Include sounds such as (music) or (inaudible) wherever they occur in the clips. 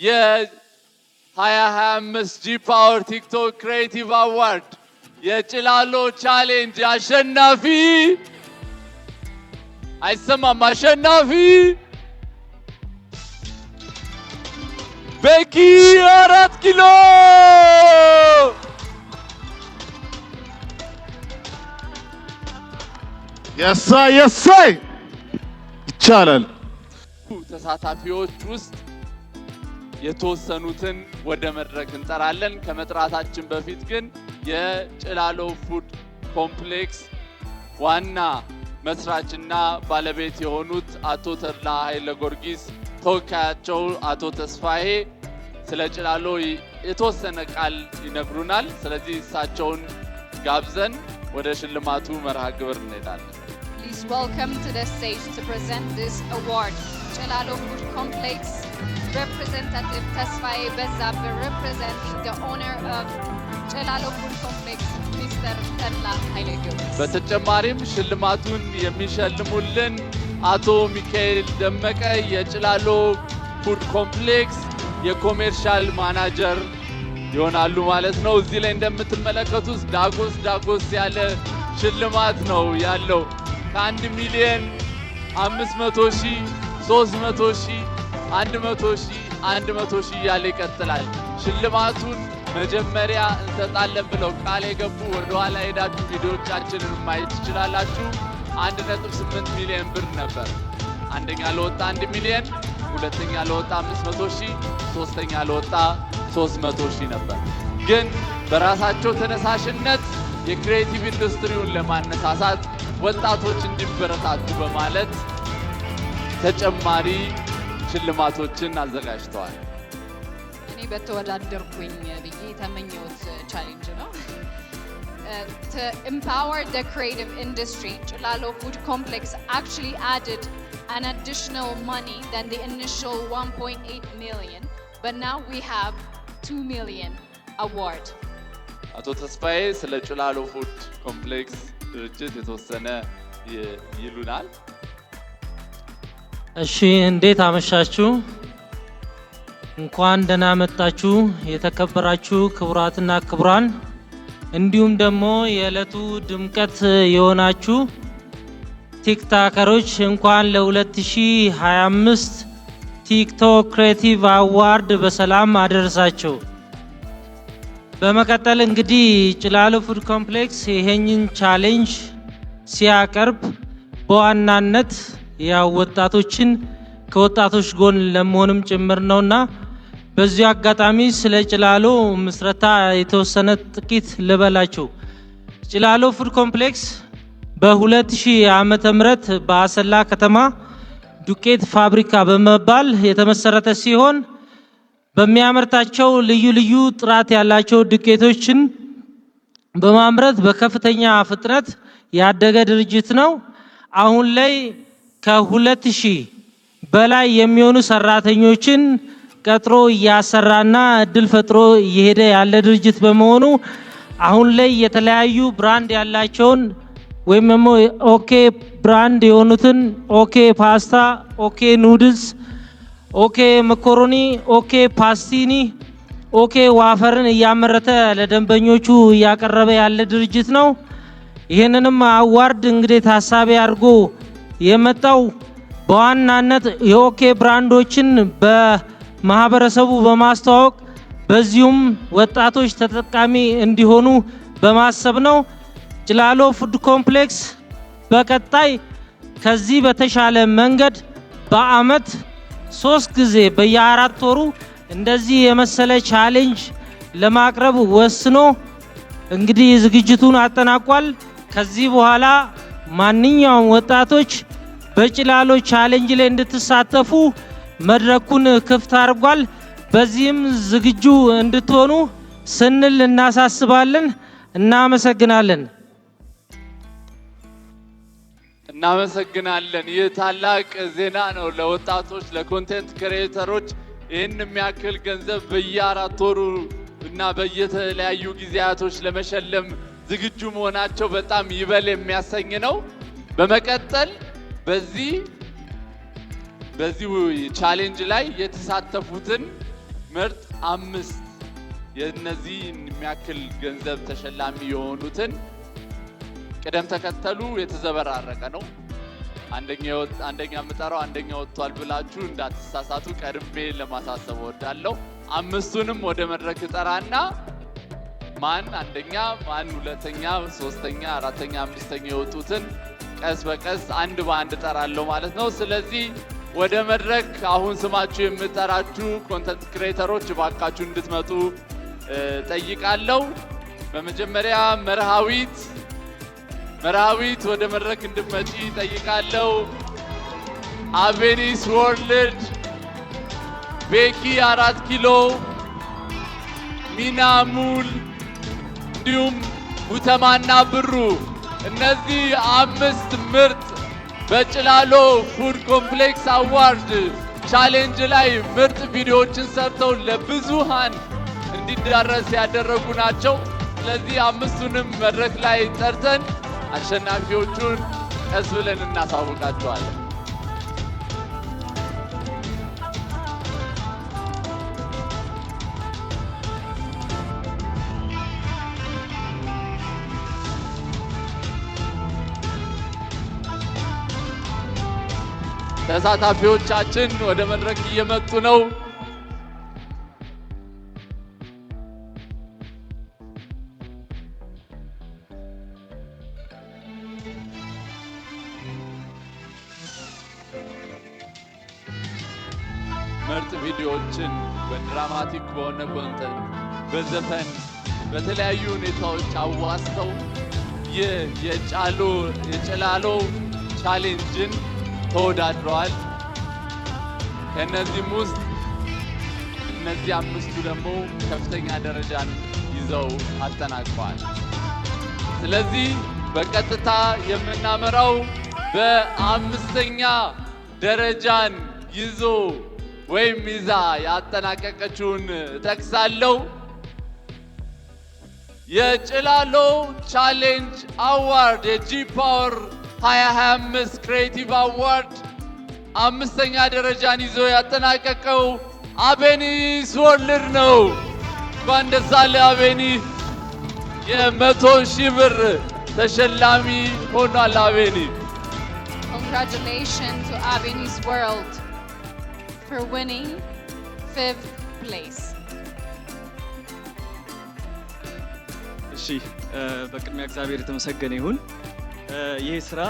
የ2025 ጂ ፓወር ቲክቶክ ክሬቲቭ አዋርድ የጭላሎ ቻሌንጅ አሸናፊ አይሰማም አሸናፊ በኪ አራት ኪሎ የሳይ የሳይ ይቻላል ተሳታፊዎች ውስጥ የተወሰኑትን ወደ መድረክ እንጠራለን። ከመጥራታችን በፊት ግን የጭላሎ ፉድ ኮምፕሌክስ ዋና መስራችና ባለቤት የሆኑት አቶ ተድላ ኃይለ ጊዮርጊስ ተወካያቸው አቶ ተስፋዬ ስለ ጭላሎ የተወሰነ ቃል ይነግሩናል። ስለዚህ እሳቸውን ጋብዘን ወደ ሽልማቱ መርሃ ግብር እንሄዳለን። Please welcome to the stage to present this award, Food Complex Representative Tasfaye Bezzabeh representing the owner of ጨላሎ ፉድ ኮምፕሌክስ ሚስተር ተድላ ኃይለ ጊዮርጊስ። በተጨማሪም ሽልማቱን የሚሸልሙልን አቶ ሚካኤል ደመቀ የጭላሎ ፉድ ኮምፕሌክስ የኮሜርሻል ማናጀር ይሆናሉ ማለት ነው። እዚህ ላይ እንደምትመለከቱት ዳጎስ ዳጎስ ያለ ሽልማት ነው ያለው ከአንድ ሚሊየን አምስት መቶ ሺህ ሶስት መቶ ሺህ አንድ መቶ ሺህ አንድ መቶ ሺህ እያለ ይቀጥላል። ሽልማቱን መጀመሪያ እንሰጣለን ብለው ቃል የገቡ ወደኋላ ሄዳችሁ ቪዲዮቻችንን ማየት ትችላላችሁ። አንድ ነጥብ ስምንት ሚሊዮን ብር ነበር። አንደኛ ለወጣ አንድ ሚሊዮን፣ ሁለተኛ ለወጣ አምስት መቶ ሺህ፣ ሶስተኛ ለወጣ ሶስት መቶ ሺህ ነበር። ግን በራሳቸው ተነሳሽነት የክሬቲቭ ኢንዱስትሪውን ለማነሳሳት ወጣቶች እንዲበረታቱ በማለት ተጨማሪ ሽልማቶችን አዘጋጅተዋል። እኔ በተወዳደርኩኝ ብዬ የተመኘሁት ቻሌንጅ ነው to empower the creative industry. Chulalo Food Complex actually added an additional money than the initial 1.8 million, but now we have 2 million award. አቶ ተስፋዬ ስለ ጭላሎ ፉድ ኮምፕሌክስ ድርጅት የተወሰነ ይሉናል። እሺ እንዴት አመሻችሁ። እንኳን ደህና መጣችሁ የተከበራችሁ ክቡራትና ክቡራን፣ እንዲሁም ደግሞ የዕለቱ ድምቀት የሆናችሁ ቲክታከሮች እንኳን ለ2025 ቲክቶክ ክሬቲቭ አዋርድ በሰላም አደረሳችሁ። በመቀጠል እንግዲህ ጭላሎ ፉድ ኮምፕሌክስ ይሄንን ቻሌንጅ ሲያቀርብ በዋናነት ያው ወጣቶችን ከወጣቶች ጎን ለመሆንም ጭምር ነውና በዚሁ አጋጣሚ ስለ ጭላሎ ምስረታ የተወሰነ ጥቂት ልበላችሁ። ጭላሎ ፉድ ኮምፕሌክስ በ2000 ዓመተ ምህረት በአሰላ ከተማ ዱቄት ፋብሪካ በመባል የተመሰረተ ሲሆን በሚያመርታቸው ልዩ ልዩ ጥራት ያላቸው ዱቄቶችን በማምረት በከፍተኛ ፍጥነት ያደገ ድርጅት ነው። አሁን ላይ ከሁለት ሺህ በላይ የሚሆኑ ሰራተኞችን ቀጥሮ እያሰራና እድል ፈጥሮ እየሄደ ያለ ድርጅት በመሆኑ አሁን ላይ የተለያዩ ብራንድ ያላቸውን ወይም ደግሞ ኦኬ ብራንድ የሆኑትን ኦኬ ፓስታ፣ ኦኬ ኑድልስ፣ ኦኬ መኮሮኒ፣ ኦኬ ፓስቲኒ፣ ኦኬ ዋፈርን እያመረተ ለደንበኞቹ እያቀረበ ያለ ድርጅት ነው። ይህንንም አዋርድ እንግዲህ ታሳቢ አድርጎ የመጣው በዋናነት የኦኬ ብራንዶችን በማህበረሰቡ በማስተዋወቅ በዚሁም ወጣቶች ተጠቃሚ እንዲሆኑ በማሰብ ነው። ጭላሎ ፉድ ኮምፕሌክስ በቀጣይ ከዚህ በተሻለ መንገድ በአመት ሶስት ጊዜ በየአራት ወሩ እንደዚህ የመሰለ ቻሌንጅ ለማቅረብ ወስኖ እንግዲህ ዝግጅቱን አጠናቋል። ከዚህ በኋላ ማንኛውም ወጣቶች በጭላሎ ቻሌንጅ ላይ እንድትሳተፉ መድረኩን ክፍት አድርጓል። በዚህም ዝግጁ እንድትሆኑ ስንል እናሳስባለን። እናመሰግናለን። እናመሰግናለን። ይህ ታላቅ ዜና ነው ለወጣቶች፣ ለኮንቴንት ክሬተሮች ይህን የሚያክል ገንዘብ በየአራት ወሩ እና በየተለያዩ ጊዜያቶች ለመሸለም ዝግጁ መሆናቸው በጣም ይበል የሚያሰኝ ነው። በመቀጠል በዚህ በዚህ ቻሌንጅ ላይ የተሳተፉትን ምርጥ አምስት የነዚህ የሚያክል ገንዘብ ተሸላሚ የሆኑትን ቅደም ተከተሉ የተዘበራረቀ ነው። አንደኛ የምጠራው አንደኛ ወጥቷል ብላችሁ እንዳትሳሳቱ ቀድሜ ለማሳሰብ እወዳለሁ። አምስቱንም ወደ መድረክ እጠራና ማን አንደኛ፣ ማን ሁለተኛ፣ ሶስተኛ፣ አራተኛ፣ አምስተኛ የወጡትን ቀስ በቀስ አንድ በአንድ እጠራለሁ ማለት ነው። ስለዚህ ወደ መድረክ አሁን ስማችሁ የምጠራችሁ ኮንተንት ክሬተሮች እባካችሁ እንድትመጡ ጠይቃለሁ። በመጀመሪያ መርሃዊት መርሃዊት ወደ መድረክ እንድትመጪ ጠይቃለሁ። አቬኒስ ወርልድ፣ ቤኪ አራት ኪሎ፣ ሚናሙል እንዲሁም ጉተማና ብሩ እነዚህ አምስት ምርጥ በጭላሎ ፉድ ኮምፕሌክስ አዋርድ ቻሌንጅ ላይ ምርጥ ቪዲዮዎችን ሰርተው ለብዙሃን እንዲዳረስ ያደረጉ ናቸው። ስለዚህ አምስቱንም መድረክ ላይ ጠርተን አሸናፊዎቹን ቀስ ብለን እናሳውቃቸዋለን። ተሳታፊዎቻችን ወደ መድረክ እየመጡ ነው። ምርጥ ቪዲዮዎችን በድራማቲክ በሆነ ኮንተንት፣ በዘፈን በተለያዩ ሁኔታዎች አዋስተው የጫሎ የጭላሎ ቻሌንጅን ተወዳድረዋል። ከእነዚህም ውስጥ እነዚህ አምስቱ ደግሞ ከፍተኛ ደረጃን ይዘው አጠናቅቀዋል። ስለዚህ በቀጥታ የምናመራው በአምስተኛ ደረጃን ይዞ ወይም ይዛ ያጠናቀቀችውን ጠቅሳለሁ። የጭላሎ ቻሌንጅ አዋርድ የጂ ፓወር 2025 ክሬቲቭ አዋርድ አምስተኛ ደረጃን ይዞ ያጠናቀቀው አቤኒስ ወልድ ነው። እንኳን ደስ አለህ አቤኒስ! የመቶ ሺህ ብር ተሸላሚ ሆኗል አቤኒስ። Congratulations to Abenis World for winning fifth place. እሺ በቅድሚያ እግዚአብሔር የተመሰገነ ይሁን። ይህ ስራ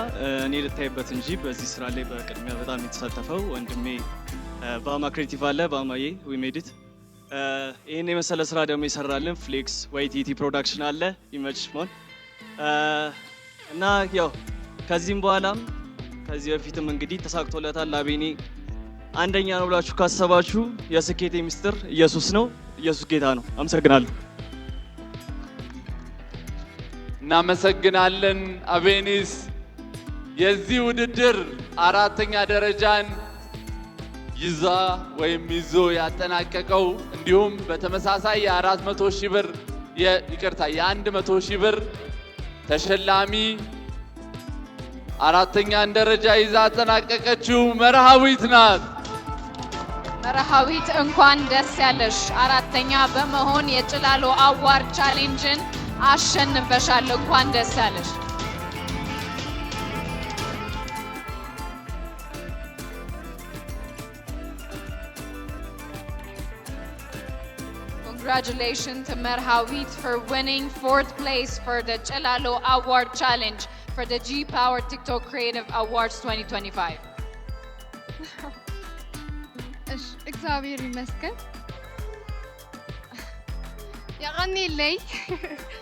እኔ ልታይበት እንጂ በዚህ ስራ ላይ በቅድሚያ በጣም የተሳተፈው ወንድሜ በአማ ክሬቲቭ አለ። በአማዬ ዊሜድት ይህን የመሰለ ስራ ደግሞ ይሰራልን ፍሌክስ ወይቲቲ ፕሮዳክሽን አለ ሞን እና ያው ከዚህም በኋላም ከዚህ በፊትም እንግዲህ ተሳክቶለታል። ላቤኔ አንደኛ ነው ብላችሁ ካሰባችሁ የስኬቴ ሚስጥር ኢየሱስ ነው። ኢየሱስ ጌታ ነው። አመሰግናለሁ። እናመሰግናለን። አቬኒስ የዚህ ውድድር አራተኛ ደረጃን ይዛ ወይም ይዞ ያጠናቀቀው እንዲሁም በተመሳሳይ የአራት መቶ ሺህ ብር ይቅርታ የአንድ መቶ ሺህ ብር ተሸላሚ አራተኛን ደረጃ ይዛ አጠናቀቀችው መርሃዊት ናት። መርሃዊት እንኳን ደስ ያለሽ አራተኛ በመሆን የጭላሎ አዋር ቻሌንጅን እንኳን ደስ Congratulations to Merhawit for winning fourth place for the Chelalo Award Challenge for the G Power TikTok Creative Awards 2025. (laughs)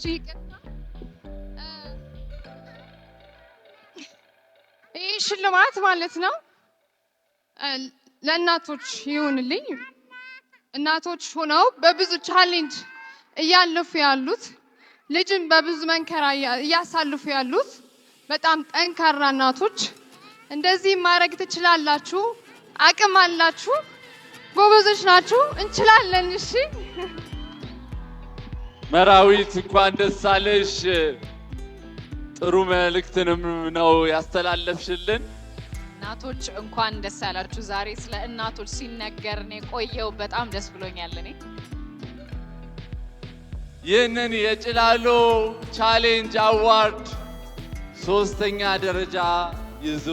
ብዙ ይቅርታ። ይህ ሽልማት ማለት ነው ለእናቶች ይሁንልኝ። እናቶች ሆነው በብዙ ቻሌንጅ እያለፉ ያሉት ልጅም በብዙ መንከራ እያሳልፉ ያሉት በጣም ጠንካራ እናቶች እንደዚህ ማድረግ ትችላላችሁ፣ አቅም አላችሁ፣ ጎበዞች ናችሁ፣ እንችላለን። እሺ መራዊት እንኳን ደስ አለሽ። ጥሩ መልእክትንም ነው ያስተላለፍሽልን። እናቶች እንኳን ደስ ያላችሁ። ዛሬ ስለ እናቶች ሲነገር ነው ቆየው በጣም ደስ ብሎኛል። እኔ ይህንን የጭላሎ ቻሌንጅ አዋርድ ሶስተኛ ደረጃ ይዞ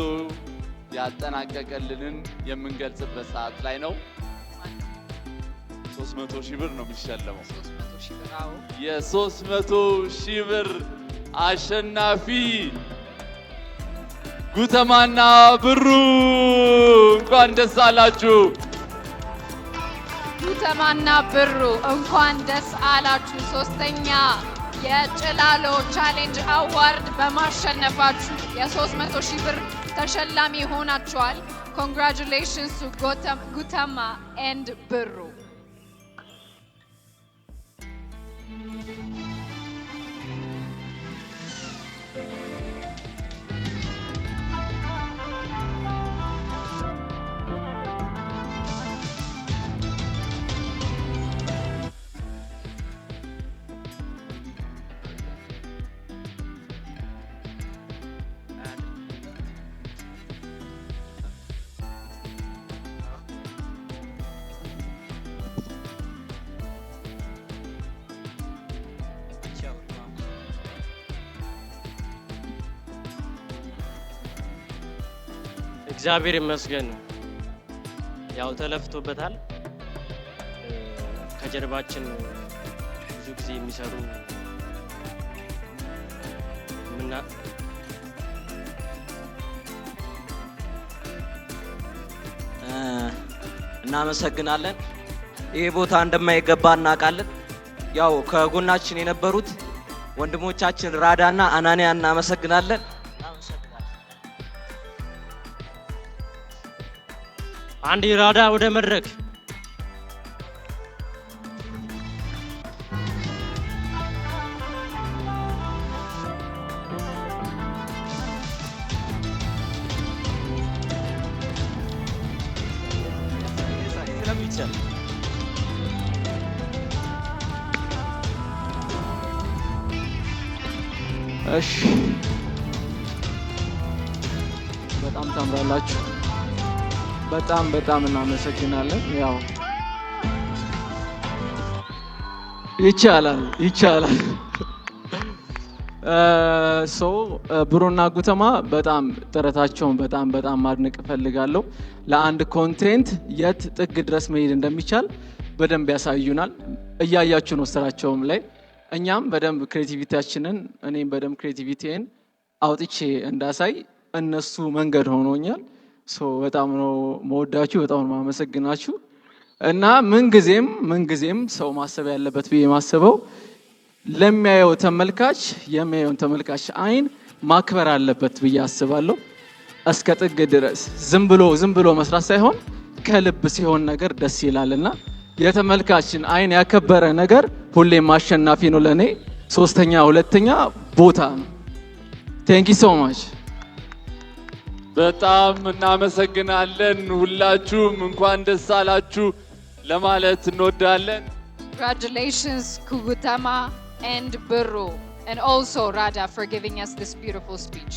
ያጠናቀቀልንን የምንገልጽበት ሰዓት ላይ ነው። 300 ሺህ ብር ነው የሚሸለመው። የሶስት መቶ ሺህ ብር አሸናፊ ጉተማና ብሩ እንኳን ደስ አላችሁ። ጉተማና ብሩ እንኳን ደስ አላችሁ። ሶስተኛ የጭላሎ ቻሌንጅ አዋርድ በማሸነፋችሁ የ300 ሺህ ብር ተሸላሚ ሆናችኋል። ኮንግራጁሌሽንስ ጉተማ ኤንድ ብሩ thank you እግዚአብሔር ይመስገን ያው ተለፍቶበታል። ከጀርባችን ብዙ ጊዜ የሚሰሩ ምና እናመሰግናለን። ይህ ቦታ እንደማይገባ እናውቃለን። ያው ከጎናችን የነበሩት ወንድሞቻችን ራዳና አናንያ እናመሰግናለን። አንድ ኢራዳ ወደ መድረክ በጣም በጣም እናመሰግናለን። ያው ይቻላል ይቻላል። ሰው (laughs) ብሩና ጉተማ በጣም ጥረታቸውን በጣም በጣም ማድነቅ እፈልጋለሁ። ለአንድ ኮንቴንት የት ጥግ ድረስ መሄድ እንደሚቻል በደንብ ያሳዩናል። እያያችሁ ነው ስራቸውም ላይ እኛም በደንብ ክሬቲቪቲያችንን እኔም በደንብ ክሬቲቪቲን አውጥቼ እንዳሳይ እነሱ መንገድ ሆኖኛል። በጣም ነው መወዳችሁ፣ በጣም ነው ማመሰግናችሁ። እና ምንጊዜም ምንጊዜም ሰው ማሰብ ያለበት ብዬ ማስበው ለሚያየው ተመልካች የሚያየውን ተመልካች አይን ማክበር አለበት ብዬ አስባለሁ። እስከ ጥግ ድረስ ዝም ብሎ ዝም ብሎ መስራት ሳይሆን ከልብ ሲሆን ነገር ደስ ይላል። ይላልና የተመልካችን አይን ያከበረ ነገር ሁሌም አሸናፊ ነው። ለእኔ ሶስተኛ ሁለተኛ ቦታ ነው። ቴንኪ ሶ ማች በጣም እናመሰግናለን። ሁላችሁም እንኳን ደስ አላችሁ ለማለት እንወዳለን። Congratulations Kubutama and Birru and also Rada for giving us this beautiful speech.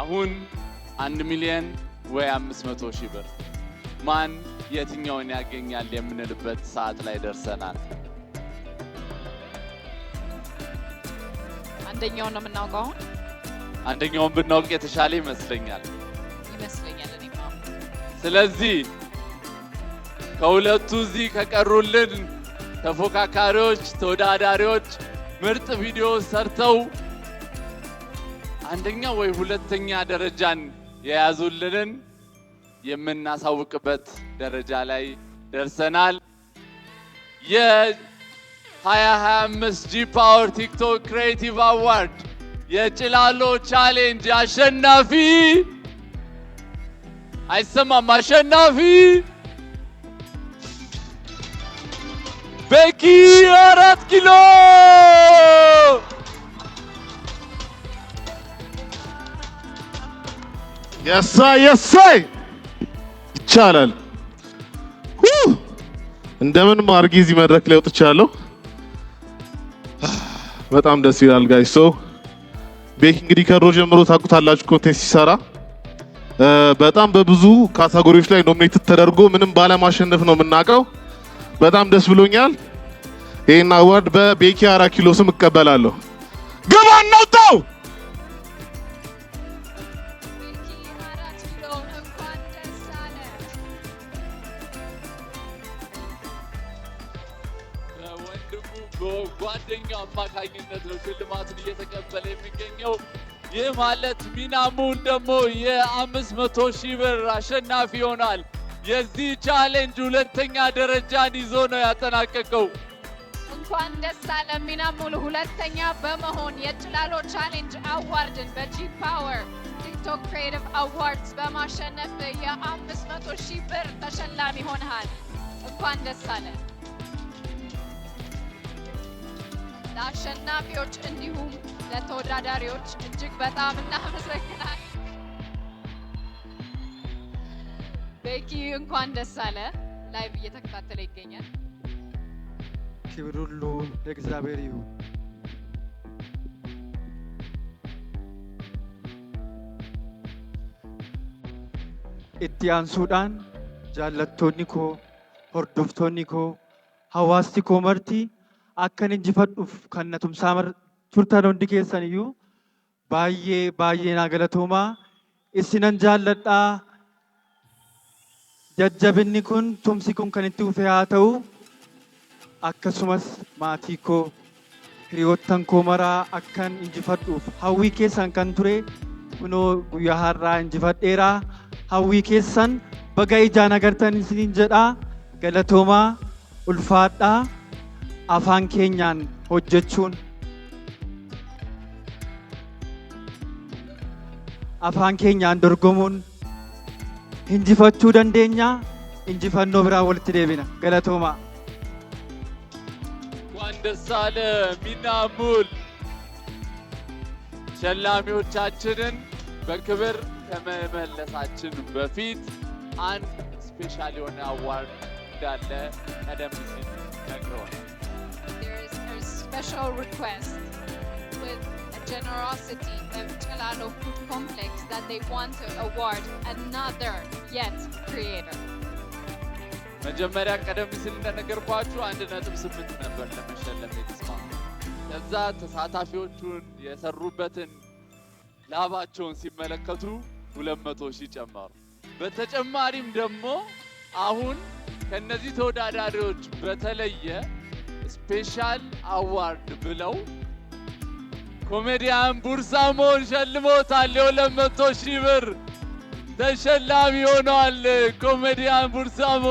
አሁን አንድ ሚሊዮን ወይ 500 ሺህ ብር ማን የትኛውን ያገኛል የምንልበት ሰዓት ላይ ደርሰናል። አንደኛው ነው የምናውቀው አሁን አንደኛውን ብናውቅ የተሻለ ይመስለኛል ይመስለኛል። ስለዚህ ከሁለቱ እዚህ ከቀሩልን ተፎካካሪዎች ተወዳዳሪዎች ምርጥ ቪዲዮ ሰርተው አንደኛ ወይ ሁለተኛ ደረጃን የያዙልንን የምናሳውቅበት ደረጃ ላይ ደርሰናል። የ2025 ጂ ፓወር ቲክቶክ ክሬቲቭ አዋርድ የጭላሎ ቻሌንጅ አሸናፊ አይሰማም። አሸናፊ በኪ አራት ኪሎ የሳ የሳይ ይቻላል። እንደምን ማርጊዝ እዚህ መድረክ ላይ ወጥቻለሁ። በጣም ደስ ይላል ጋይ ሰው ቤክ እንግዲህ ከድሮ ጀምሮ ታውቁታላችሁ ኮንቴንት ሲሰራ በጣም በብዙ ካታጎሪዎች ላይ ኖሚኔትድ ተደርጎ ምንም ባለማሸነፍ ነው የምናውቀው። በጣም ደስ ብሎኛል። ይህን አዋርድ በቤኪ አራት እቀበላለሁ። ግባ እናውጣው። በጓደኛው አማካኝነት ነው ሽልማቱን እየተቀበለ የሚገኘው። ይህ ማለት ሚናሙን ደግሞ የአምስት መቶ ሺህ ብር አሸናፊ ይሆናል። የዚህ ቻሌንጅ ሁለተኛ ደረጃን ይዞ ነው ያጠናቀቀው። እንኳን ደስ አለ ሚናሙል ሁለተኛ በመሆን የጭላሎ ቻሌንጅ አዋርድን በጂ ፓወር ቲክቶክ ክሬቲቭ አዋርድስ በማሸነፍ የአምስት መቶ ሺህ ብር ተሸላሚ ሆነሃል። እንኳን ደስ አለ። ለአሸናፊዎች እንዲሁም ለተወዳዳሪዎች እጅግ በጣም እናመሰግናለን። ቤኪ እንኳን ደስ አለ። ላይቭ እየተከታተለ ይገኛል። ክብር ሁሉ ለእግዚአብሔር ይሁን። itti aansuudhaan jaallattoonni koo hordoftoonni koo akka akkan injifaduuf kan na tumsaamar turtan hundi keessan iyyuu baay'ee baay'ee naa galatoomaa isinan jaalladhaa jajjabinni kun tumsi kun kan itti ufee haa ta'u akkasumas maatii koo hiriyoottan koo maraa akkan injifadhuuf hawwii keessan kan ture kunoo guyyaa har'aa injifadheeraa hawwii keessan baga ijaan agartan isiniin jedhaa galatoomaa ulfaadhaa. afaan keenyaan hojjechuun afaan keenyaan dorgomuun hinjifachuu dandeenya injifannoo biraa walitti deebina galatooma ዋንደሳለ ሚናሙል shallaamiyochaachinin በክብር ከመመለሳችን በፊት አንድ ስፔሻል የሆነ አዋርድ እንዳለ ቀደም ሲል ነግረዋል። special request with a generosity of Celalo Food Complex that they want to award another yet creator. መጀመሪያ ቀደም ሲል እንደነገርኳችሁ አንድ ነጥብ ስምንት ነበር ለመሸለም ከዛ ተሳታፊዎቹን የሰሩበትን ላባቸውን ሲመለከቱ ሁለት መቶ ሺህ ጨመሩ። በተጨማሪም ደግሞ አሁን ከነዚህ ተወዳዳሪዎች በተለየ ስፔሻል አዋርድ ብለው ኮሜዲያን ቡርሳሞን ሸልሞታል። የሁለት መቶ ሺህ ብር ተሸላሚ ሆኗል። ኮሜዲያን ቡርሳሞ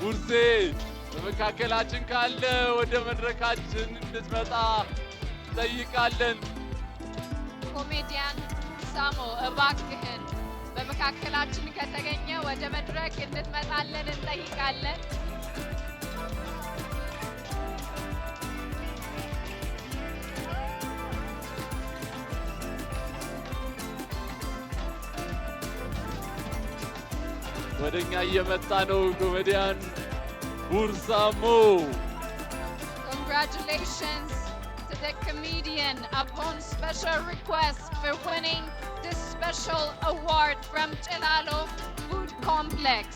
ቡርሴ በመካከላችን ካለ ወደ መድረካችን እንድትመጣ ጠይቃለን። ኮሜዲያን ቡርሳሞ እባክህን መካከላችን ከተገኘ ወደ መድረክ እንድትመጣለን እንጠይቃለን። ወደኛ እየመጣ ነው። ኮሜዲያን ቡርሳሞ Congratulations to the comedian upon special request for winning special award from Celalo Food Complex.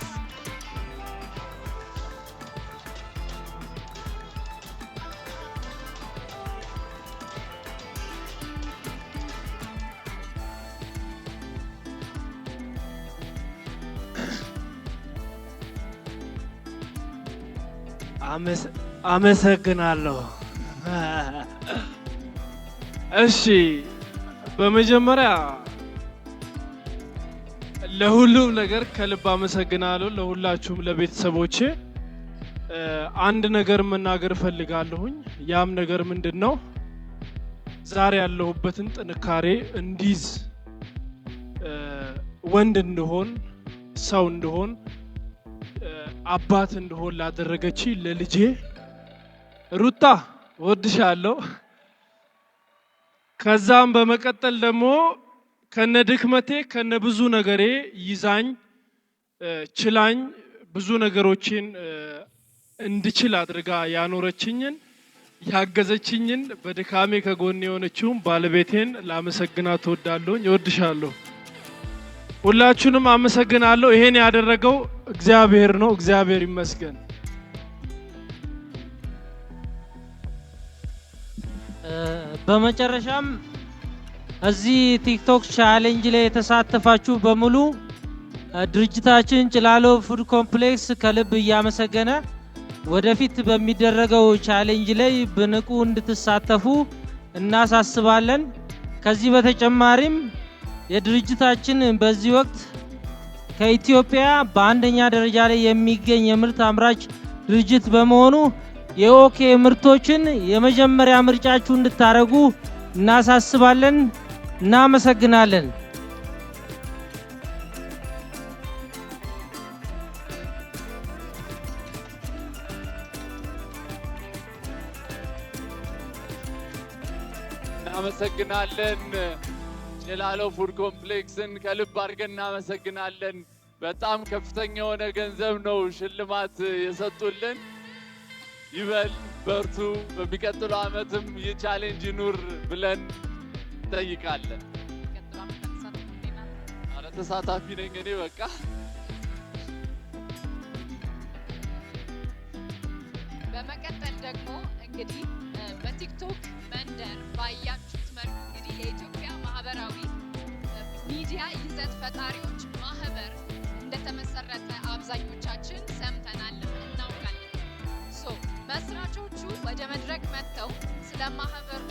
አመሰግናለሁ። (laughs) እሺ፣ በመጀመሪያ ለሁሉም ነገር ከልብ አመሰግናለሁ። ለሁላችሁም ለቤተሰቦቼ አንድ ነገር መናገር እፈልጋለሁኝ። ያም ነገር ምንድን ነው? ዛሬ ያለሁበትን ጥንካሬ እንዲዝ ወንድ እንደሆን ሰው እንደሆን አባት እንደሆን ላደረገች ለልጄ ሩታ ወድሻለሁ። ከዛም በመቀጠል ደግሞ ከነ ድክመቴ ከነ ብዙ ነገሬ ይዛኝ ችላኝ ብዙ ነገሮችን እንድችል አድርጋ ያኖረችኝን ያገዘችኝን በድካሜ ከጎን የሆነችውን ባለቤቴን ላመሰግና እወዳለሁኝ። እወድሻለሁ። ሁላችሁንም አመሰግናለሁ። ይሄን ያደረገው እግዚአብሔር ነው። እግዚአብሔር ይመስገን። በመጨረሻም እዚህ ቲክቶክ ቻሌንጅ ላይ የተሳተፋችሁ በሙሉ ድርጅታችን ጭላሎ ፉድ ኮምፕሌክስ ከልብ እያመሰገነ ወደፊት በሚደረገው ቻሌንጅ ላይ በንቁ እንድትሳተፉ እናሳስባለን። ከዚህ በተጨማሪም የድርጅታችን በዚህ ወቅት ከኢትዮጵያ በአንደኛ ደረጃ ላይ የሚገኝ የምርት አምራች ድርጅት በመሆኑ የኦኬ ምርቶችን የመጀመሪያ ምርጫችሁ እንድታደርጉ እናሳስባለን። እናመሰግናለን። እናመሰግናለን። ጀላለው ፉድ ኮምፕሌክስን ከልብ አድርገን እናመሰግናለን። በጣም ከፍተኛ የሆነ ገንዘብ ነው ሽልማት የሰጡልን። ይበል በርቱ፣ በሚቀጥለው ዓመትም ይህ ቻሌንጅ ይኑር ብለን እንጠይቃለን። ኧረ ተሳታፊ ነኝ እኔ በቃ በመቀጠል ደግሞ እንግዲህ በቲክቶክ መንደር ባያችሁት መልኩ እንግዲህ የኢትዮጵያ ማህበራዊ ሚዲያ ይዘት ፈጣሪዎች ማህበር እንደተመሰረተ አብዛኞቻችን ሰምተናል፣ እናውቃለን። ሶ መስራቾቹ ወደ መድረክ መጥተው ስለ ማህበሩ